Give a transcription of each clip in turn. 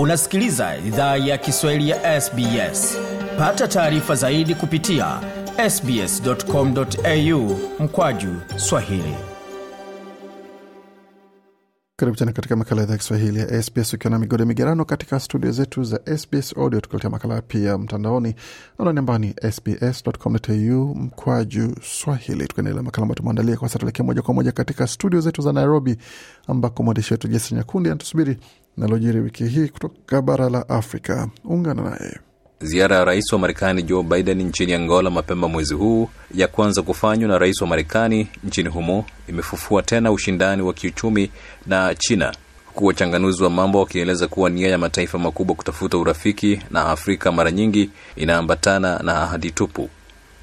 unasikiliza idhaa ya kiswahili ya sbs pata taarifa zaidi kupitia sbscomau mkwaju swahili karibu tena katika makala idhaa ya kiswahili ya sbs ukiwa na migode migerano katika studio zetu za sbs audio tukuletea makala pia mtandaoni anaoni ambao ni sbscomau mkwaju swahili tukaendelea makala ambayo tumeandalia kwa sasa tuelekea moja kwa moja katika studio zetu za nairobi ambako mwandishi wetu jesi nyakundi anatusubiri linalojiri wiki hii kutoka bara la Afrika. Ungana naye. Ziara ya rais wa Marekani Joe Biden nchini Angola mapema mwezi huu, ya kwanza kufanywa na rais wa Marekani nchini humo, imefufua tena ushindani wa kiuchumi na China, huku wachanganuzi wa mambo wakieleza kuwa nia ya mataifa makubwa kutafuta urafiki na Afrika mara nyingi inaambatana na ahadi tupu.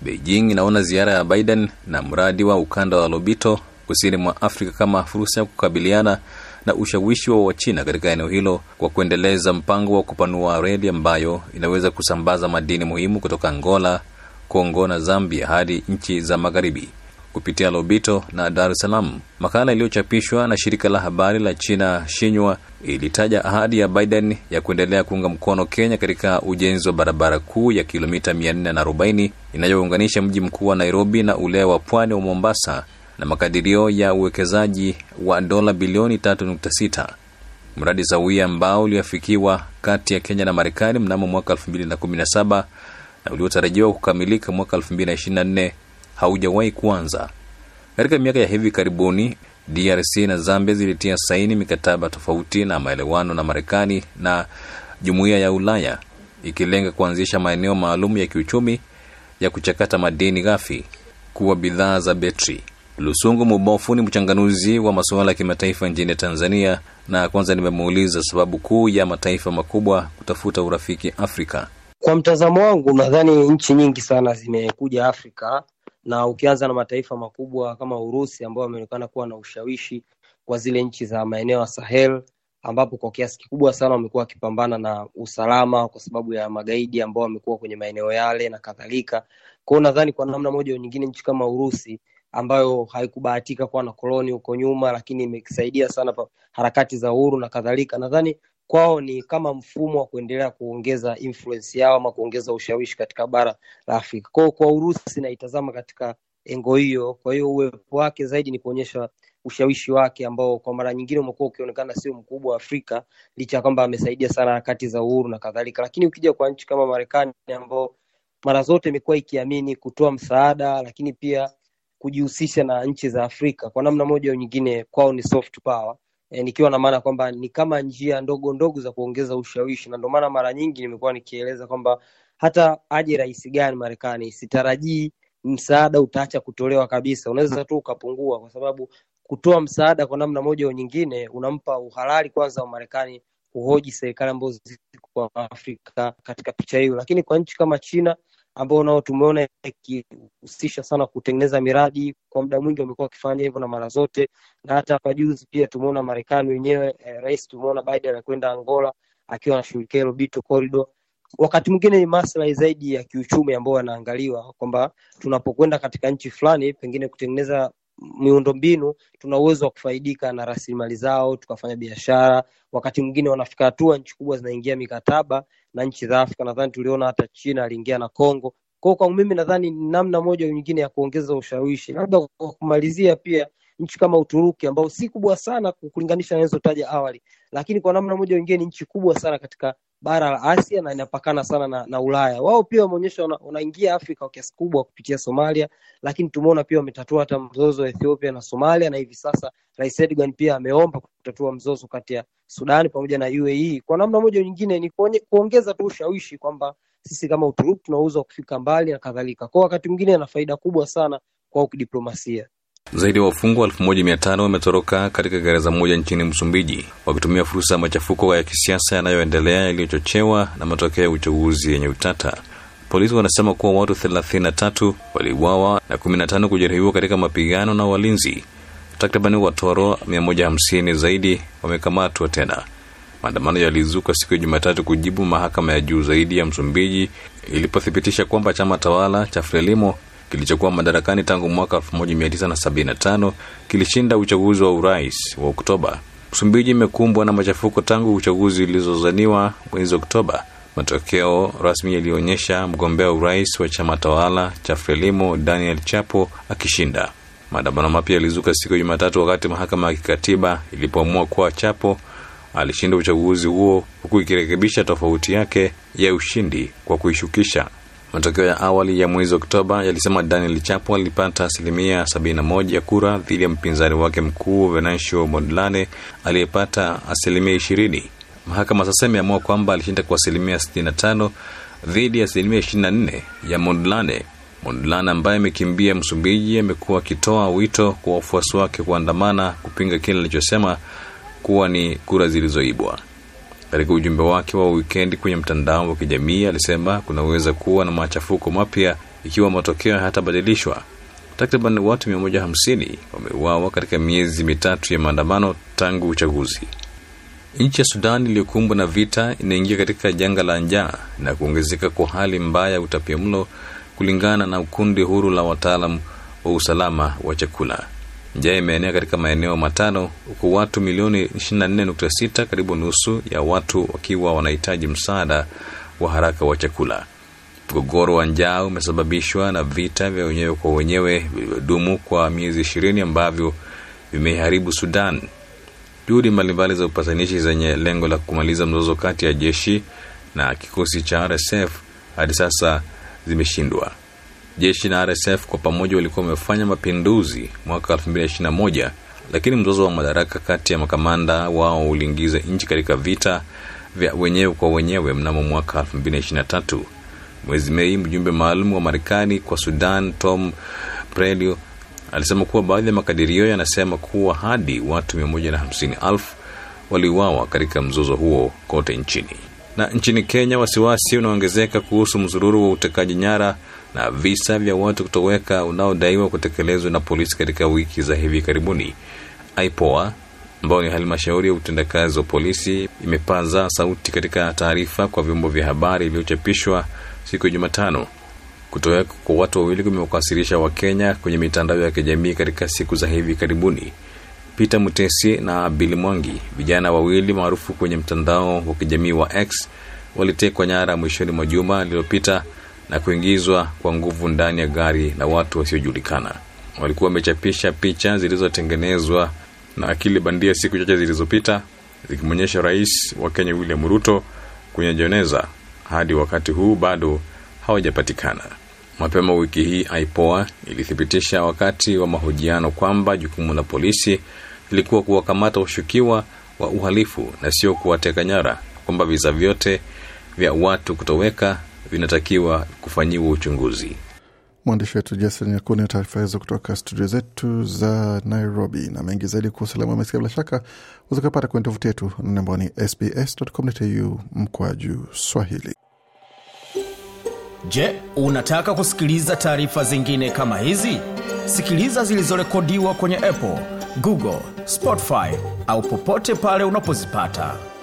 Beijing inaona ziara ya Biden na mradi wa ukanda wa Lobito kusini mwa Afrika kama fursa ya kukabiliana na ushawishi wa Wachina katika eneo hilo kwa kuendeleza mpango wa kupanua reli ambayo inaweza kusambaza madini muhimu kutoka Angola, Kongo na Zambia hadi nchi za magharibi kupitia Lobito na Dar es Salaam. Makala iliyochapishwa na shirika la habari la China shinywa ilitaja ahadi ya Biden ya kuendelea kuunga mkono Kenya katika ujenzi wa barabara kuu ya kilomita 440 inayounganisha mji mkuu wa Nairobi na ule wa pwani wa Mombasa na makadirio ya uwekezaji wa dola bilioni 3.6 mradi sawia ambao uliafikiwa kati ya Kenya na Marekani mnamo mwaka 2017 na uliotarajiwa kukamilika mwaka 2024 haujawahi kuanza. Katika miaka ya hivi karibuni, DRC na Zambia zilitia saini mikataba tofauti na maelewano na Marekani na Jumuiya ya Ulaya ikilenga kuanzisha maeneo maalum ya kiuchumi ya kuchakata madini ghafi kuwa bidhaa za betri. Lusungu Mubofu ni mchanganuzi wa masuala ya kimataifa nchini Tanzania, na kwanza nimemuuliza sababu kuu ya mataifa makubwa kutafuta urafiki Afrika. Kwa mtazamo wangu, nadhani nchi nyingi sana zimekuja Afrika, na ukianza na mataifa makubwa kama Urusi ambayo wameonekana kuwa na ushawishi kwa zile nchi za maeneo ya Sahel ambapo kwa kiasi kikubwa sana wamekuwa wakipambana na usalama kwa sababu ya magaidi ambao wamekuwa kwenye maeneo yale na kadhalika. Kwa hiyo nadhani kwa namna moja au nyingine nchi kama Urusi ambayo haikubahatika kuwa na koloni huko nyuma, lakini imesaidia sana pa harakati za uhuru na kadhalika. Nadhani kwao ni kama mfumo wa kuendelea kuongeza influence yao ama kuongeza ushawishi katika bara la Afrika. Kwao kwa Urusi naitazama katika engo hiyo. Kwa hiyo uwepo wake zaidi ni kuonyesha ushawishi wake ambao kwa mara nyingine umekuwa ukionekana sio mkubwa wa Afrika, licha ya kwamba amesaidia sana harakati za uhuru na kadhalika. Lakini ukija kwa nchi kama Marekani ambao mara zote imekuwa ikiamini kutoa msaada, lakini pia kujihusisha na nchi za Afrika kwa namna moja au nyingine, kwao ni soft power e, nikiwa na maana kwamba ni kama njia ndogo ndogo za kuongeza ushawishi, na ndio maana mara nyingi nimekuwa nikieleza kwamba hata aje rais gani Marekani, sitarajii msaada utaacha kutolewa kabisa, unaweza tu ukapungua, kwa sababu kutoa msaada kwa namna moja au nyingine unampa uhalali kwanza wa Marekani kuhoji serikali ambazo ziko Afrika katika picha hiyo, lakini kwa nchi kama China ambao nao tumeona ikihusisha sana kutengeneza miradi. Kwa muda mwingi wamekuwa wakifanya hivyo na mara zote, na hata hapa juzi pia tumeona Marekani wenyewe eh, rais tumeona Biden anakwenda Angola akiwa anashughulikia hilo Bito Corridor. Wakati mwingine ni maslahi zaidi ya kiuchumi ambao yanaangaliwa kwamba tunapokwenda katika nchi fulani, pengine kutengeneza miundombinu, tuna uwezo wa kufaidika na rasilimali zao tukafanya biashara. Wakati mwingine wanafika hatua nchi kubwa zinaingia mikataba na nchi za Afrika. Nadhani tuliona hata China aliingia na congo kwao kwangu mimi nadhani ni namna moja nyingine ya kuongeza ushawishi. Labda kwa kumalizia, pia nchi kama Uturuki ambao si kubwa sana kulinganisha na awali, lakini kwa namna moja nyingine ni nchi kubwa sana katika bara la Asia na inapakana sana na, na Ulaya. Wao pia wameonyesha wanaingia Afrika kwa kiasi kubwa kupitia Somalia, lakini tumeona pia wametatua hata mzozo wa Ethiopia na Somalia, na hivi sasa Rais Erdogan pia ameomba kutatua mzozo kati ya Sudan pamoja na UAE. Kwa namna moja nyingine ni kuongeza tu ushawishi kwamba sisi kama Uturuki tunauza kufika mbali na kadhalika. Kwa wakati mwingine ana faida kubwa sana kwao kidiplomasia. Zaidi ya wafungwa 1500 wametoroka katika gereza moja nchini Msumbiji wakitumia fursa ya machafuko ya kisiasa yanayoendelea yaliyochochewa na matokeo ya uchaguzi yenye utata. Polisi wanasema kuwa watu 33 waliuawa na 15 kujeruhiwa katika mapigano na walinzi. Takribani watoro 150 zaidi wamekamatwa tena. Maandamano yalizuka siku ya Jumatatu kujibu mahakama ya juu zaidi ya Msumbiji ilipothibitisha kwamba chama tawala cha Frelimo kilichokuwa madarakani tangu mwaka 1975 kilishinda uchaguzi wa urais wa Oktoba. Msumbiji imekumbwa na machafuko tangu uchaguzi ulizozaniwa mwezi Oktoba. Matokeo rasmi yalionyesha mgombea urais wa chama tawala cha Frelimo Daniel Chapo akishinda. Maandamano mapya yalizuka siku ya Jumatatu wakati mahakama ya kikatiba ilipoamua kuwa Chapo alishinda uchaguzi huo huku ikirekebisha tofauti yake ya ushindi kwa kuishukisha Matokeo ya awali ya mwezi Oktoba yalisema Daniel Chapo alipata asilimia 71 ya kura dhidi ya mpinzani wake mkuu Venancio modlane aliyepata asilimia 20. Mahakama sasa imeamua kwamba alishinda kwa asilimia 65 dhidi ya asilimia 24 ya modlane modlane ambaye amekimbia Msumbiji amekuwa akitoa wito kwa wafuasi wake kuandamana kupinga kile alichosema kuwa ni kura zilizoibwa. Katika ujumbe wake wa wikendi kwenye mtandao wa kijamii alisema kunaweza kuwa na machafuko mapya ikiwa matokeo hayatabadilishwa. Takriban watu 150 wameuawa katika miezi mitatu ya maandamano tangu uchaguzi. Nchi ya Sudan iliyokumbwa na vita inaingia katika janga la njaa na kuongezeka kwa hali mbaya ya mlo kulingana na kundi huru la wataalam wa usalama wa chakula. Njaa imeenea katika maeneo matano huku watu milioni 24.6, karibu nusu ya watu wakiwa wanahitaji msaada wa haraka wa chakula. Mgogoro wa njaa umesababishwa na vita vya wenyewe kwa wenyewe vilivyodumu kwa miezi ishirini ambavyo vimeharibu Sudan. Juhudi mbalimbali za upatanishi zenye lengo la kumaliza mzozo kati ya jeshi na kikosi cha RSF hadi sasa zimeshindwa. Jeshi na RSF kwa pamoja walikuwa wamefanya mapinduzi mwaka 221 lakini mzozo wa madaraka kati ya makamanda wao uliingiza nchi katika vita vya wenyewe kwa wenyewe mnamo mwaka 223 Mwezi Mei, mjumbe maalum wa Marekani kwa Sudan Tom prelio alisema kuwa baadhi ya makadirio yanasema kuwa hadi watu 150 waliuawa katika mzozo huo kote nchini. Na nchini Kenya, wasiwasi unaongezeka kuhusu mzururu wa utekaji nyara na visa vya watu kutoweka unaodaiwa kutekelezwa na polisi katika wiki za hivi karibuni. IPOA ambayo ni halmashauri ya utendakazi wa polisi imepaza sauti katika taarifa kwa vyombo vya habari iliyochapishwa siku ya Jumatano. Kutoweka kwa watu wawili kumewakasirisha Wakenya kwenye mitandao ya kijamii katika siku za hivi karibuni. Peter Mutesi na Bill Mwangi, vijana wawili maarufu kwenye mtandao wa kijamii wa X, walitekwa nyara mwishoni mwa juma lililopita na kuingizwa kwa nguvu ndani ya gari na watu wasiojulikana. Walikuwa wamechapisha picha zilizotengenezwa na akili bandia siku chache zilizopita zikimwonyesha rais wa Kenya William Ruto kwenye jeneza. Hadi wakati huu bado hawajapatikana. Mapema wiki hii IPOA ilithibitisha wakati wa mahojiano kwamba jukumu la polisi lilikuwa kuwakamata washukiwa wa uhalifu na sio kuwateka nyara, kwamba visa vyote vya watu kutoweka vinatakiwa kufanyiwa uchunguzi. Mwandishi wetu Jason Nyakuni na taarifa hizo kutoka studio zetu za Nairobi. Na mengi zaidi kuhusu usalama mesikia, bila shaka uzakapata kwenye tovuti yetu ambao ni sbs.com.au mkwaju swahili. Je, unataka kusikiliza taarifa zingine kama hizi? Sikiliza zilizorekodiwa kwenye Apple, Google, Spotify au popote pale unapozipata.